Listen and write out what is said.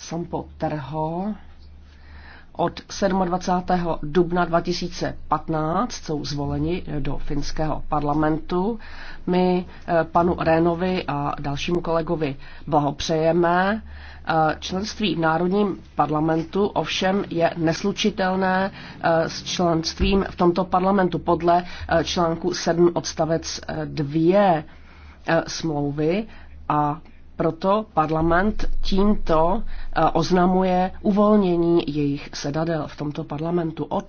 Sampo Terho od 27. dubna 2015 jsou zvoleni do finského parlamentu. My eh, panu Rénovi a dalšímu kolegovi blahopřejeme. Eh, členství v Národním parlamentu ovšem je neslučitelné eh, s členstvím v tomto parlamentu podle článku 7 odstavec 2 smlouvy a proto parlament tímto oznamuje uvolnění jejich sedadel v tomto parlamentu od